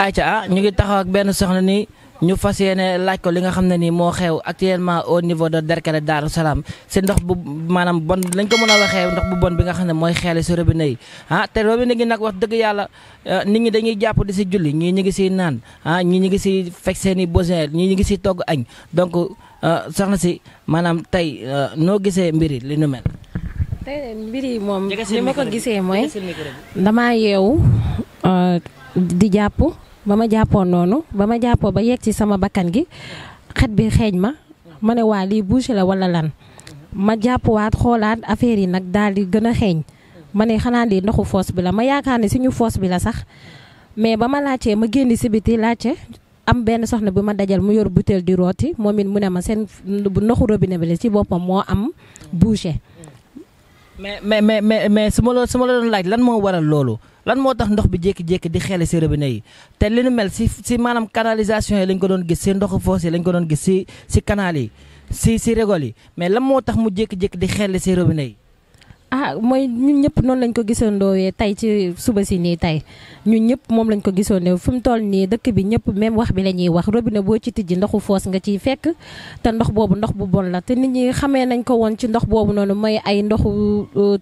ayca ñu ngi taxaw ak benn soxna nii ñu fas yéene laaj ko li nga xam ne nii moo xew actuellement au niveau de Derklé Daaru Salaam si ndox bu maanaam bon lañ ko mën a waxee ndox bu bon bi nga xam ne mooy xeele si robinet yi ah te robinet gi nag wax dëgg yàlla eh, nit ñi dañuy jàpp di si julli ñii ñu ngi si naan ah ñii ñu ngi siy fekk seen i besoin ñii ñu ngi si togg añ donc eh, soxna si maanaam tey eh, noo gisee mbiri li nu mel. tey mbir yi moom. ni ma ko gisee mooy damaa yeewu di jàpp. ba ma jàppoon noonu ba ma jàppoo ba yegg ci sama bakkan gi xet bi xeeñ ma ma ne waa lii bouché la wala lan ma jàpp waat xoolaat affaire yi nag daal di gën a xeeñ ma ne xanaa di ndoxu foos bi la ma yaakaar ne suñu foos bi la sax mais ba ma laajtee ma génn si biti laajte am benn soxna bi ma dajal mu yor butéel di rooti moom it mu ne ma seen ndoxu robine bi la ci boppam moo am bouché. mais mais mais mais su ma la su ma la doon laaj lan moo waral loolu. lan moo tax ndox bi jékki-jékki di xeele si robinet yi te li nu mel si si maanaam canalisation yi lañ ko doon gis si ndoxu foos yi lañ ko doon gis si si kanaal yi si si rigole yi mais lan moo tax mu jékki-jékki di xeele si robinet yi ah mooy ñun ñëpp noonu lañ ko gisandoowee tey ci suba si nii tey ñun ñëpp moom lañ ko gisandoowee fu mu toll nii dëkk bi ñëpp même wax bi la ñuy wax robinet boo ci tijji ndoxu foos nga ciy fekk te ndox boobu ndox bu bon la te nit ñi xamee nañ ko woon ci ndox boobu noonu mooy ay ndoxu euh,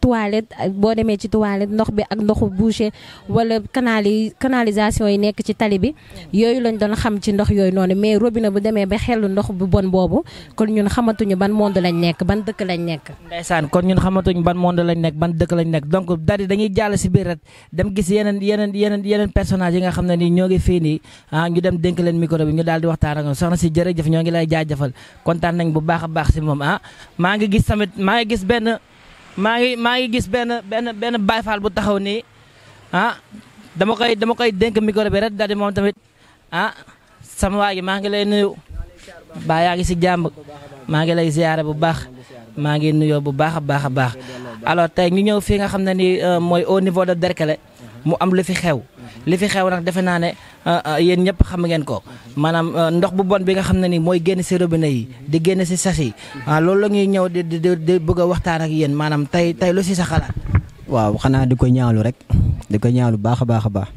toilette boo demee ci toilette ndox bi ak ndoxu bouché wala canali canalisation yi nekk ci tali bi yooyu lañ doon xam ci ndox yooyu noonu mais robine bu demee ba xellu ndox bu bon boobu kon ñun xamatuñu ban monde lañ nekk ban dëkk lañ nekk xamatuñ ban monde lañ nekk ban dëkk lañ nekk donc daal di dañuy jàll si biir rek dem gis yeneen yeneen yeneen yeneen personnage yi nga xam ne nii ñoo ngi fii nii ah, dem dénk leen micro bi daal di waxtaan ak ñoom soxna si jërëjëf ñoo ngi lay jaajëfal kontaan nañ bu baax a baax si moom ah. maa ngi gis tamit maa ngi gis benn maa ngi maa ngi gis benn benn benn bayfaal bu taxaw nii ah dama koy dama koy dénk micro bi rek daal di moom tamit ah sama waa gi maa ngi lay nuyu baa yaa ngi si jàmm maa ngi lay ziyaare bu baax maa ngi nuyoo bu baax a baax a baax alors tey ñu ñëw fii nga xam ne nii euh, mooy au niveau de Derklé mu am lu fi xew li fi xew nag defe naa ne euh, euh, yéen ñëpp xam ngeen ko maanaam ndox bu bon bi nga xam ne ni mooy génn si robinet yi di génn si sas yi ah, loolu la ñuy ñëw di di bëgg a waxtaan ak yéen maanaam tey tey lu si sa waaw xanaa di ko ñaalu rek di ko ñaawlu baax a baax a baax.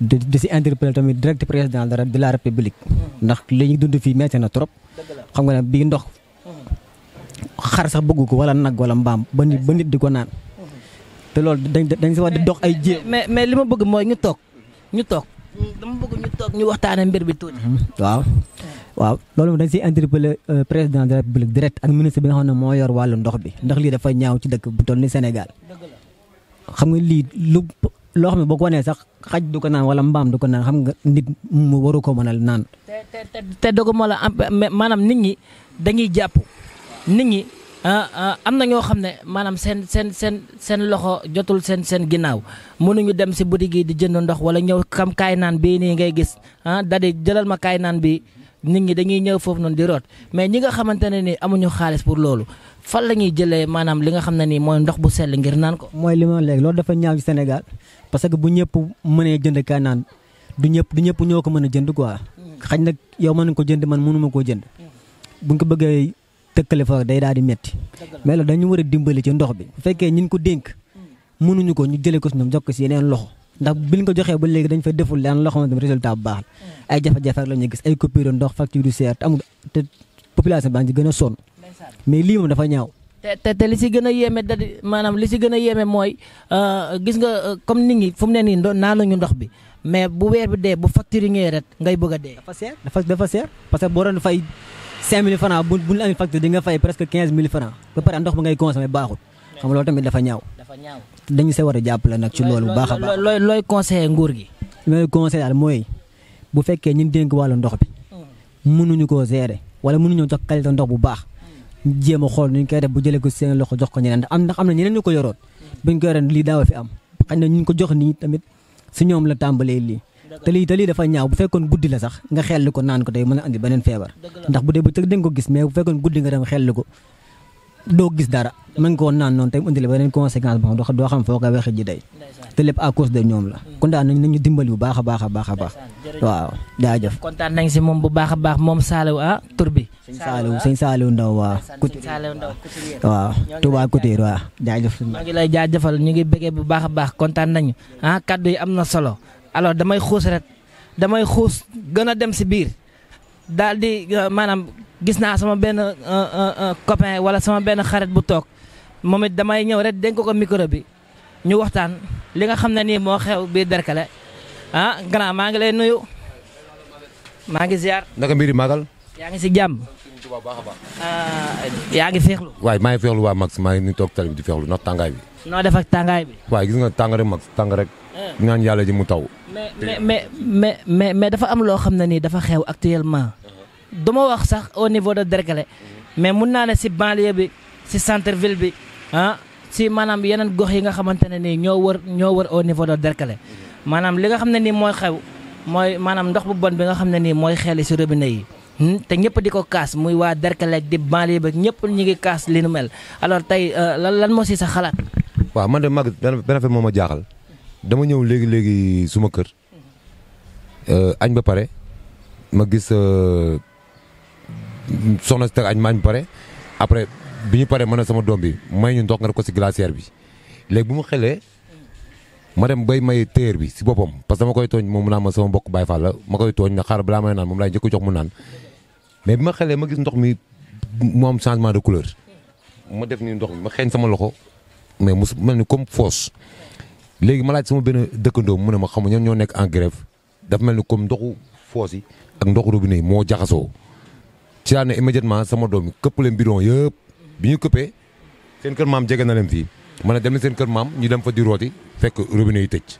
di si interpellé tamit direct président dara de la république. ndax li ñu dund fii métti na trop. xam nga ne bii ndox. xar sax bëgg ko wala nag wala mbaam ba nit ba nit di ko naan te loolu dañ dañ si war di dox ay jéem. mais li ma bëgg mooy ñu toog ñu toog. dama bëgg ñu toog ñu mbir bi tuuti. Mhm. waaw waaw loolu dañ si interpellé euh, président de la république direct ak ministre bi nga xam ne moo yor wàllu ndox bi ndax lii dafa ñaaw ci dëkk bu toll ni Sénégal. xam nga lii lu loo xam ne boo ko wanee sax xaj du ko naan wala mbaam du ko naan xam nga nit mu waru ko mënal naan. te te dogu ma la maanaam nit ñi nit ñi ah, ah, am na ñoo xam ne maanaam seen seen seen seen loxo jotul seen seen ginnaaw mënuñu dem si boutique yi di jënd ndox wala ñëw xam kaay naan bii nii ngay gis ah da jëlal ma kaay naan bi nit ñi dañuy ñëw foofu noonu di root mais ñi nga xamante ne ni amuñu xaalis pour loolu fan la ñuy jëlee maanaam li nga xam ne nii mooy ndox bu sell ngir naan ko. mooy li ma léegi loolu dafa ñaaw ci Sénégal parce que bu ñëpp mënee jënd kaay naan du ñëpp du ñëpp ñoo ko mën a jënd quoi. Mm. xañ nag yow mën ko jënd man mënuma koo jënd. Mm. tëkkale fa day daal di metti mais loolu dañu war a dimbali ci ndox bi bu fekkee ñin ko dénk hmm. mënuñu ko ñu jëlee ko si ñoom jox ko si yeneen loxo ndax biñ ko joxee ba léegi dañ fay deful leen loo xamante baax la hmm. ay la ñuy gis ay coupure ndox facture du seer te amul te population baa ngi ci gën a mais lii dafa ñaaw. te te li si gën a yéeme da maanaam li si gën a yéeme mooy euh, gis nga euh, comme nit ñi fu mu ne nii naanuñu ndox bi mais bu weer bi dee bu facture yi ñëwee ngay bëgg dee. dafa seer dafa dafa parce que boo doon fay 5000 francs bu bu ñu amee facture di nga fay presque 15000 francs ba pare ndox mi ngay consommer baaxul xam nga loolu tamit dafa ñaaw. dafa ñaaw dañu see war a jàppale nag ci loolu. bu baax a baax looy looy conseiller nguur gi. li may daal mooy bu fekkee ñu dénk wàllu ndox bi hmm. mënuñu koo gérer wala mënuñoo jox qualité ndox bu baax jéem a xool nu koy def bu jëlee ko seen loxo jox ko ñeneen am ndax am na ñeneen ñu ko yoroon hmm. buñ ko yoroon lii daaw fi am xëy na ñu ko jox nii tamit si ñoom la tàmbalee lii te lii te lii dafa ñaaw bu fekkoon guddi la sax nga xelli ko naan ko day mën a andi beneen feebar ndax bu dee bu tëg dañ ko gis mais bu fekkoon guddi nga dem xelli ko doo gis dara mën ko naan noonu tey indi la beneen conséquence boo xam doo xam foo ko waxee ji te lépp à la kon daal nañ baax a baax a baax a baax waaw jaajëf kontaan nañ si moom bu baax a baax moom Saliou ah tur bi sëñ Saliou sëñ Ndaw waaw waaw Touba waaw jaajëf maa ñu ngi bëggee bu baax a baax kontaan nañu ah kaddu yi am na solo alors damay xuus rek damay xuus gën a dem si biir daal di euh, maanaam gis naa sama benn euh, euh, copain wala sama benn xarit bu toog moom it damay ñëw rek den ko ko micro bi ñu waxtaan li nga xam ne nii moo xew biir Derklé ah grand maa ngi lay nuyu maa ngi ziar. naka mbiri magal. yaa ngi si jàmm. bu baax a baax. yaa ngi féexlu. waaye maa ngi féexlu waa Max maa ngi nii toog tali bi di féexlu ndax tàngaay bi. noo def ak tàngaay bi. waaye gis nga tàng rek Max tàng rek. Eh. ñaan yàlla ji mu taw. mais mais mais mais mais dafa am loo xam ne nii dafa xew actuellement. Uh-huh. du ma wax sax au niveau de Derklé uh-huh. mais mun naa ne si banlieue bi si centre ville bi ah si maanaam yeneen gox yi nga xamante ne nii ñoo wër ñoo wër au niveau de Derklé uh-huh. maanaam li nga xam ne nii mooy xew mooy maanaam ndox bu bon bi nga xam ne nii mooy xeeli si robinet yi. Hmm? te ñëpp di ko kaas muy waa Derklé di banlieue ba ñëpp ñu ngi kaas li nu mel alors tey euh, lan lan moo si sa xalaat. waa man de mag benn benn affaire moo ma jaaxal dama ñëw léegi léegi suma kër euh, añ ba pare ma gis euh, soxna si teg añ maañ ba pare après bi ñu paree mën ne sama doom bi may ñu ndox nga ko si glacière bi léegi bu mu xelee. ma dem bay may téer bi si boppam parce que dama koy tooñ moom mu naan ma sama mbokk Baye Fall la ma koy tooñ na xaaral balaa may naan moom laay njëkk jox mu naan mais bi ma xelee ma gis ndox mi mu am changement de couleur ma def nii ndox mi ma xeeñ sama loxo mais mu mel ni comme foos léegi ma laaj sama benn dëkkandoo mu ne ma xam ñoom ñoo nekk en grève dafa mel ni comme ndoxu foos yi ak ndoxu robinet yi moo jaxasoo ci laa ne immédiatement sama doom yi këpp leen bidon yëpp bi ñu këppee seen kër jege na leen fii ma ne dem na seen kër maam ñu dem fa di rooti fekk robinet yi tëj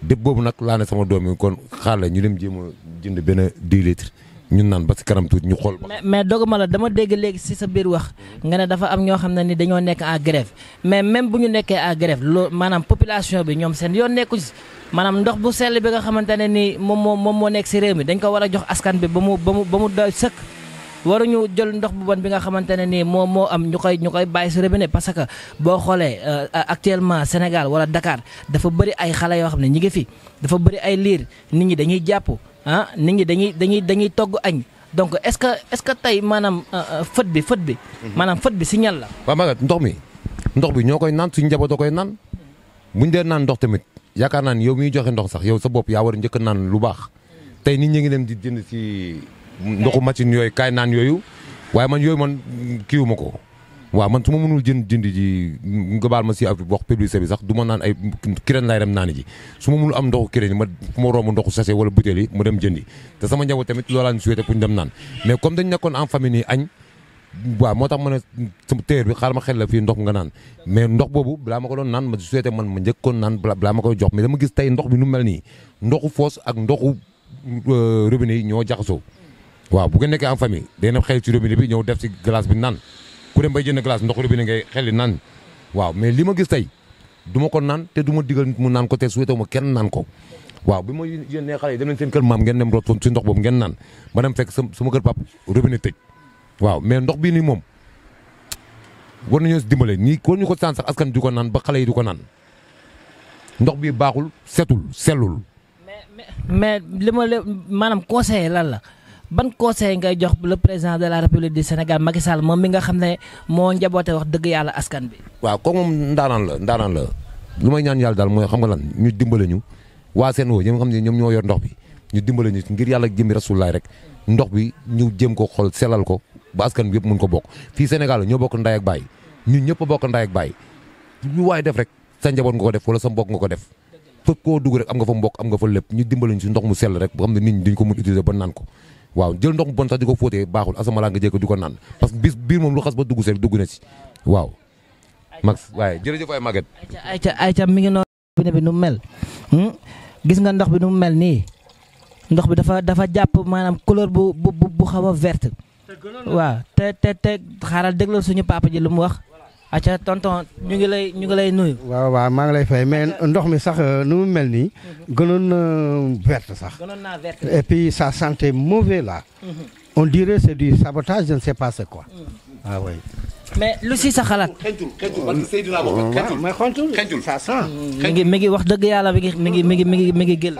dëpp boobu nag laa ne sama doom yi kon xaala ñu dem jéem a jënd benn 10 litres ñun naan ba si kanam tuuti ñu xool. mais mais doguma la dama dégg léegi si sa biir wax nga ne dafa am ñoo xam ne ni dañoo nekk en grève mais même bu ñu nekkee en grève loo maanaam population bi ñoom seen yoon nekku si maanaam ndox bu sell bi nga xamante ne ni moom moo moom moo nekk si réew mi dañ ko war a jox askan bi ba mu ba mu ba mu doy sëkk. waruñu jël ndox bu bon bi nga xamante ne nii moom moo am ñu koy ñu koy bàyyi su robinet parce que boo xoolee euh, actuellement Sénégal wala dakaar dafa bëri ay xale yoo xam ne ñi ngi fi dafa bëri ay liir nit ñi dañuy jàpp ah nit ñi dañuy dañuy dañuy togg añ donc est-ce que est-ce que tey maanaam euh, euh, fët bi fët bi. Mhm. maanaam fët bi si signal la. waaw Maguette ndox mi ndox bi ñoo koy naan suñu njaboot a koy naan buñ dee naan ndox tamit yaakaar naa ni yow miy joxe ndox sax yow sa bopp yaa war a njëkk naan lu baax tey nit ñi ngi dem di jënd si. ndoxu machine yooyu kaay naan yooyu waaye man yooyu man kiiwu ma ko waaw man su ma mënul jënd jënd ji nga baal ma si ab wax publicité bi sax du ma naan ay kireen laay dem naani ji su ma mënul am ndoxu kireen ma fu ma romb ndoxu sachet wala butéel yi ma dem jëndi te sama njaboot tamit loolaan souhaité pour ñu dem naan mais comme dañ nekkoon en famille nii añ waaw moo tax man ne sama téer bi xaaral ma xel la fii ndox nga naan mais ndox balaa ma ko doon naan ma man ma njëkkoon naan balaa ma koy jox mais dama gis tey ndox bi nu mel nii ndoxu foos ak ndoxu euh, robinet yi ñoo jaxasoo waaw bu ngeen nekkee en famille day dem xel ci robinet bi ñëw def ci glace bi naan ku dem bay jënd glace ndox robinet ngay xel naan waaw mais li ma gis tey du ma ko naan te du ma digal mu naan ko te suwéetewu ma kenn naan ko waaw bi ma yéen ne xale yi dem leen seen kër maam ngeen dem root ci ndox boobu ngeen naan ma dem fekk sama kër pap robinet tëj waaw mais ndox bii nii moom war nañoo dimbale nii ko ñu ko saan sax askan di ko naan ba xale yi di ko naan ndox bi baaxul setul sellul mais li ma le maanaam conseillé lan la ban conseil ngay jox le président de la république Sénégal Macky Sall moom mi nga xam ne moo njaboote wax dëgg yàlla askan bi. waaw kooku moom ndaanaan la ndaanaan la lu may ñaan yàlla daal mooy xam nga lan ñu dimbale ñu waa seen woo ñi nga xam ne ñoom ñoo yor ndox bi ñu dimbale ñu ngir yàlla jëmmi rasulaay rek ndox bi ñu jëm ko xool selal ko ba askan bi yëpp mun ko bokk fii Sénégal ñoo bokk nday ak baay ñu ñëpp bokk nday ak baay lu waaye def rek sa njaboot nga ko def wala sa mbokk nga ko def fëkk koo dugg rek am mbokk am nga fa lépp ñu si ndox mu sell rek boo xam ne nit ñi duñ ko mun ko waaw jël ndox mu bon sax di ko fóotee baaxul asama laa nga jékko du ko naan parce que bis biir moom lu xas ba dugg see dugg na si waaw. max waaye jërëjëf ay ca ay ayca mi ngi noonu robinet bi nu mel. Hmm? gis nga ndox bi nu mu mel nii ndox bi dafa dafa jàpp maanaam couleur bu bu bu xaw a verte. waaw te te te xaaral déglu suñu papa ji lu mu wax. acca tonton ñu ngi lay ñu ngi lay nuyu. waaw maa ngi lay fay mais ndox mi sax euh, nu mu mel nii. Mhm. gënoon na verte sax. gënoon naa verte et puis ça sentait mauvais là. Mhm. on dirait c'est du sabotage je ne sais pas quoi. Mhm. ah lu si sa xalaat. xëncul xëncul parce que mi ngi wax dëgg yàlla mi ngi mi ngi mi ngi mi ngi gël.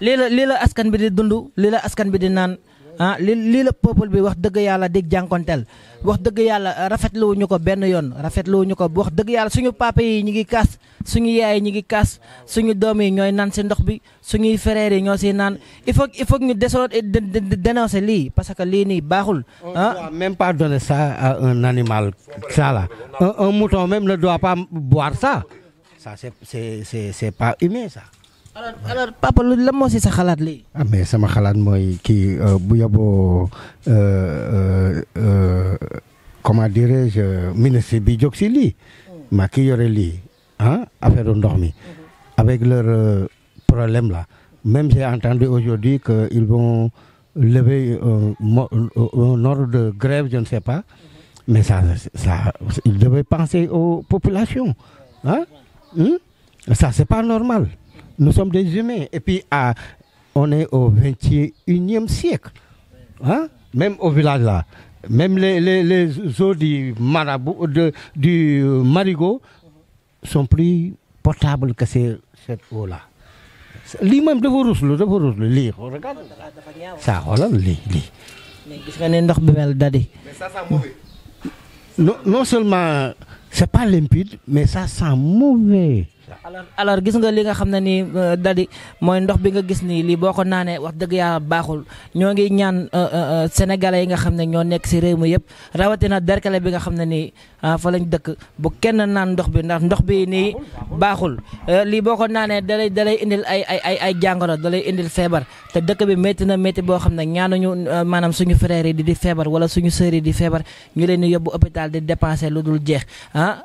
lii la askan bi di dund lii la askan bi di naan. ah li lii la peuple bi wax dëgg yàlla di jànkonteel wax dëgg yàlla ah, rafetlu ñu ko benn yoon rafetlu ñu ko wax dëgg yàlla suñu papa yi ñu ngi kaas suñu yaay yi ñu ngi kaas suñu doom yi ñooy naan si ndox bi suñuy frères yi ñoo siy naan il faut il faut ñu desoo dénoncer lii parce que lii nii baaxul. ah même pas donner ça à un animal ça là un mouton même ne doit pas boire ça ça c'est c'est c'est pas humain ça. alors alors papa lu la moo si sa xalaat léegi. ah mais sama xalaat mooy kii euh, bu yaboo euh, euh, comment dirais-je ministre bi jóg li mm. ma ki yore lii ah affaire ndox mi. Mm-hmm. avec leur problème la même j'ai entendu aujourd'hui que ils vont lever un ordre de grève je ne sais pas mm-hmm. mais ça ça ils penser aux populations ah ça c'est pas normal. Nous sommes des humains. Et puis, à, on est au 21e siècle. Même au village là. Même les, les, les eaux du marabout, de, du marigot sont plus potables que ces, cette eau-là. lii moom dafa ruslu dafa ruslu lii regarde saa xoolal mais gis non seulement c'est pas limpide mais ça sent mauvais. alors alors gis nga li nga xam ne nii euh, dadi mooy ndox bi nga gis nii lii boo ko naanee wax dëgg yàlla baaxul ñoo ngi ñaan euh, euh, sénégalais yi nga xam ne ñoo nekk si réew mi yëpp rawatina derkale bi nga xam ne nii ah, fa lañ dëkk bu kenn naan ndox bi ndax ndox bi nii baaxul lii boo ko naanee dalay dalay indil ay ay ay ay jàngoro dalay indil feebar te dëkk bi métti na métti boo xam ne ñaanuñu maanaam suñu frères yi di di feebar wala suñu sœurs yi di feebar ñu leen di yóbbu hôpital di dépenser jeex ah,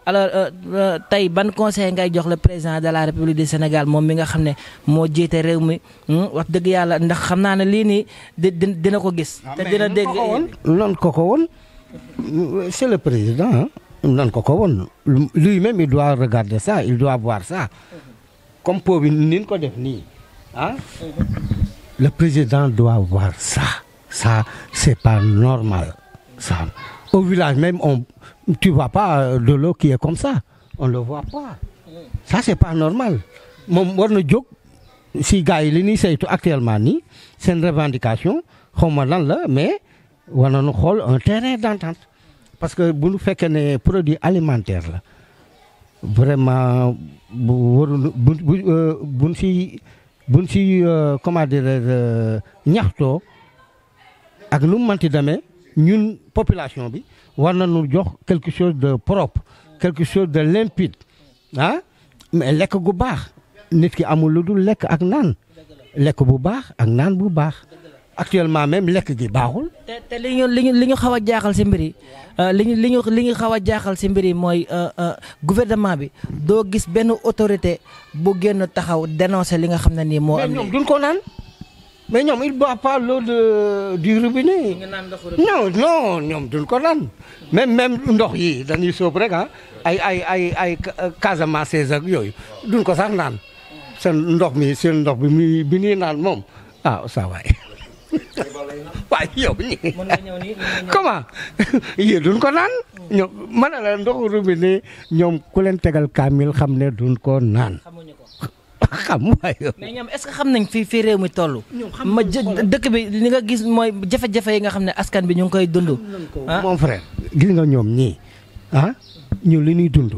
président de la république du Sénégal moom mi nga xam ne moo jiite réew mi hmm, wax dëgg yàlla ndax xam naa ne lii nii dina ko gis. Ah, te dina dégg non ko ko woon c'est le président non ko ko woon lui-même il doit regarder ça il doit voir ça comme po bi ni ko def nii ah. le président doit voir ça ça c'est pas normal ça au village même on tu vois pas de l'eau qui est comme ça on le voit pas. ça c'est pas normal moom war na jóg si gars yi li ñuy saytu actuellement nii seen revendication xaw ma lan la mais war na nu xool un terrain d'entente parce que bu ñu fekkee ne produit alimentaire la vraiment bu warul bu bu euh, buñ si buñ si euh, comment dire euh, ñaxtoo ak lu mu mënti demee ñun population bi war nañu jox quelque chose de propre quelque chose de limpide ah mais lekk gu baax nit ki amul lu dul lekk ak naan lekk bu baax ak naan bu baax actuellement même lekk gi baaxul. te te li ñu li ñu li ñu xaw a jaaxal si mbir yi euh, li ñu li ñu li ñu xaw a jaaxal si mbir yi mooy euh, euh, gouvernement bi doo gis benn autorité bu génn taxaw dénoncer li nga xam ne nii moo. am ñoom duñ ko naan. mais ñoom il boit pas l'eau de du robinet non non ñoom duñ ko naan même même ndox yi dañuy sóob rek ah ay ay ay ay Casamance ak yooyu duñ ko sax naan seen ndox mi seen ndox bi mi bi ñuy naan moom ah ça waay waaye yow ñi comment yéen duñ ko naan ñoom mën na la ndoxu robinet ñoom ku leen tegal kaamil xam ne duñ ko xam waay yow. mais est-ce que xam nañ fii fii réew mi toll. ma jë dëkk bi ni nga gis mooy jafe-jafe yi nga xam ne askan bi ñu ngi koy dund. ah mon frère gis nga ñoom nii ah ñu li ñuy dund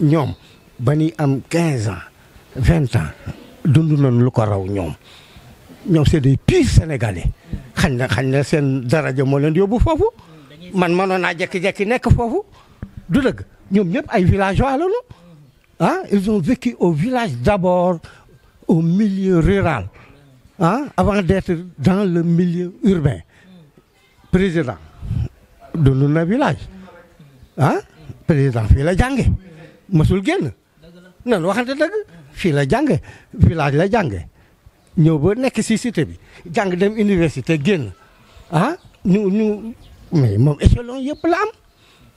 ñoom ba ñuy am 15 ans 20 ans dund nañ lu ko raw ñoom ñoom c'est des pires sénégalais xañ na xañ na seen daraja moo leen yóbbu foofu hmm, man mënoon naa jekki-jekki nekk foofu du dëgg ñoom ñëpp ay villageois lañu. Hein? Ils ont vécu au village d'abord, au milieu rural, avant d'être dans le milieu urbain. Président de Luna Village. Hein? Président Fila Djangé. Mosul Gen. Non, waxante dëgg fii la jànge village la jànge ñëw ba nekk si cité bi jàng dem université génn a ñu ñu mais moom échelon yëpp la am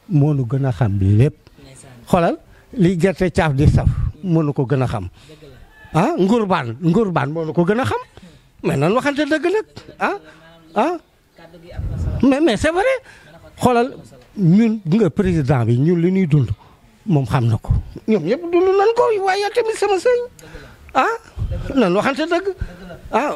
moo nu gën a xam lépp xoolal li gerte caaf di saf moo nu ko gën a xam ah ngurbaan ngurbaan moo nu ko gën a xam mais nan waxante dëgg nag ah ah mais xoolal ñun nga président bi ñun li nuy dund moom xam na ko ñoom ñëpp dund nan ko waaye tamit sama sëñ ah waxante dëgg waaw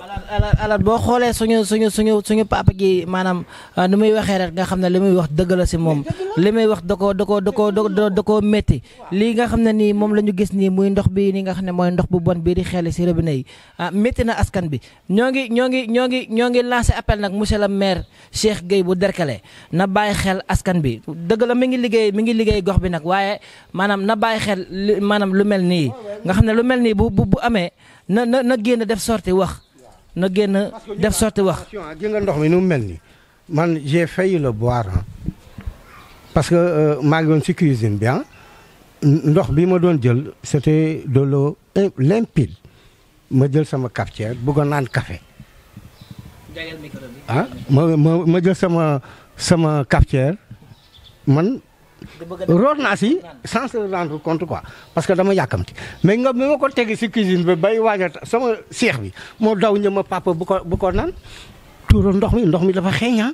alors boo xoolee suñu suñu suñu suñu papa gi maanaam uh, ni muy waxee rek nga xam ne li muy wax dëgg la si moom li muy wax da koo da koo da koo da koo métti lii nga xam ne nii moom la ñu gis nii muy ndox bi ni nga xam ne mooy ndox bu bon bii di xeele si robinet yi ah métti na askan bi ñoo ngi ñoo ngi ñoo ngi ñoo ngi lancé appel nag monsieur le maire Cheikh Gueye bu Derklé na bàyyi xel askan bi dëgg la mi ngi liggéey mi ngi liggéey gox bi nag waaye maanaam na bàyyi xel maanaam lu mel nii nga xam ne lu mel nii bu bu amee na na na génn def sorti wax na génn def sorti wax. gis nga ndox mi nu mu mel ni man j'ai failli le boire ah parce que euh, maa ngi woon ci bi ah ndox bi ma doon jël c'était de l'eau limpide ma jël sama cafetière bëggoon naan kafe ah ma ma jël sama sama cafetière man root naa si sans se rendre compte quoi que dama yàkkamti mais nga ma ko tegi si cuisine bi bay waaja sama seex bi moo daw ñëw ma papa bu ko bu ko naan ndox mi ndox mi dafa xeeñaa ah.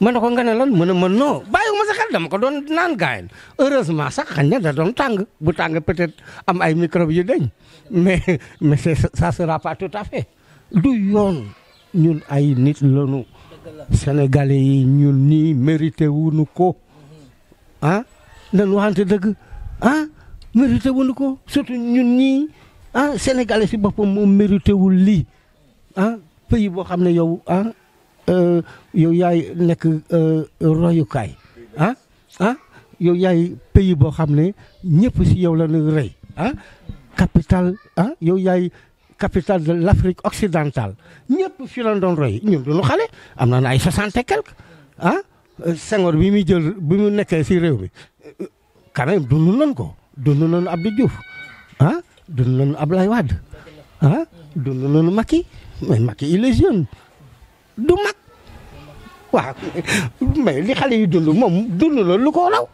ma ne ko nga ne lan mën mën non bàyyiwuma dama ko doon naan gaayen heureusement sax xañ doon tàng bu tàng peut-être am ay microbe mais mais ça sera pas tout fait du yoon ñun ay nit lañu sénégalais yi ñun nii mérité wuñu ko ah nañ waxante dëgg ah mérité ko surtout ñun ñii ah sénégalais si boppam moom mérité wul lii ah boo xam ne yow ah euh, yow yaay nekk euh, royukaay ah ah yow yaay pays boo xam ne ñëpp si yow la ñu rey ah capital ah yow yaay capitale de l' Afrique occidentale ñëpp fi la doon roy ñun duñu xale am na ay soixante et ah Senghor bi muy jël bi mu nekkee si réew mi quand même dund nañ ko dund nañu Abdou Diouf ah dund nañu Ablaye Wade ah dund nañu Macky mais Macky il du mag waaw mais xale yi dund moom dund la lu ko raw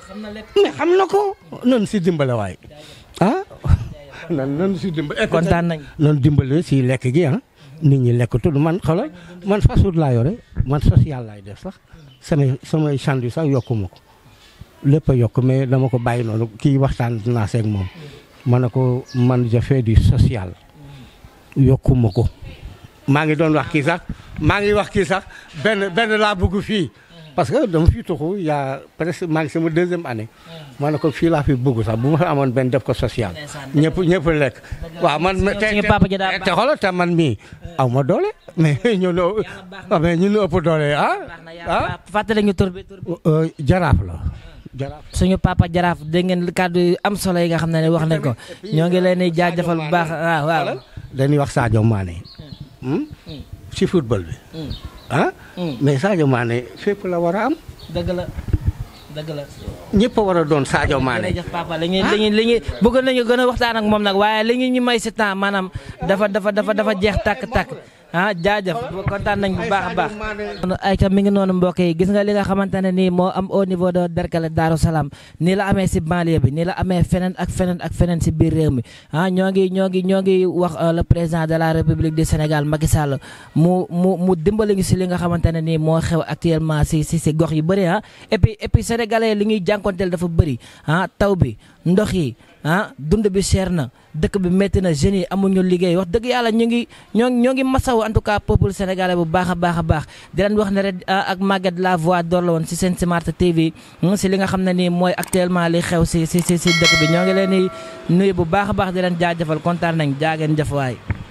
xam na ko nan si dimbale waay ah nan nan si dimbale kontaan nañ nan dimbale si lekk gi ah nit ñi lekk tudd man xoolal man fast food laa yore man social laay def sax samay samay chandu sax yokku ko lépp a yokk mais dama ko bàyyi noonu kii waxtaan naa seeg moom ma ne ko man je fais du social yokku ma ko maa ngi doon wax kii sax maa ngi wax kii sax benn benn laa bëgg fii parce que dama fi tuxu y' a presque maa ngi sama deuxième année. Hmm. ma ne ko fii laa fi bëgg sax bu ma fa amoon benn def ko social. ñëpp ñëpp lekk. waaw man tey te xoolal te man mii hmm. aw ma doole. mais ñu loo mais ñu ëpp ah? ah? fàttali ñu tur euh, euh, la. Hmm. jaraaf suñu papa jaraaf dégg ngeen am solo yi nga xam ne wax nañ ko ñoo ngi leen di jaajëfal bu baax ah, waaw waaw. dañuy wax Sadio Mané. ci football bi. ah. Hmm. mais Sadio Mané fépp la war a am. dëgg la dëgg la. ñëpp a war a doon Sadio Mané. jërëjëf papa li ngeen ah? li ngeen bëgg nañu gën a waxtaan ak moom nag waaye li ngeen ñu may si temps maanaam dafa dafa dafa dafa jeex tàkk tàkk. ah jaajëf kontaan nañ bu baax a baax. ay tam mi ngi noonu mbokk yi gis nga li nga xamante ne nii moo am au niveau de Derklé Darou Salaam nii la amee si banlieue bi nii la amee feneen ak feneen ak feneen si biir réew mi ah ñoo ngi ñoo ngi ñoo ngi wax euh, le président de la République de Sénégal Macky Sall mu mu mu dimbali ñu si li nga xamante ne nii moo xew actuellement si si si gox yi bëri ah et puis et li ñuy jànkonteel dafa bëri ah taw bi. ndox yi ah dund bi seer na dëkk bi métti na jeunes yi amuñu liggéey wax dëgg yàlla ñu ngi ñoo ñoo ngi masawu en tout cas peuple sénégalais bu baax a baax a baax di leen wax ne rek ah, ak Maguette la voix d'or la woon si seen Smart TV si li nga xam ne ni mooy actuellement li xew si si si si dëkk bi ñoo ngi leen di nuyu bu baax a baax di leen jaajëfal kontaan nañ jaageen jëf waay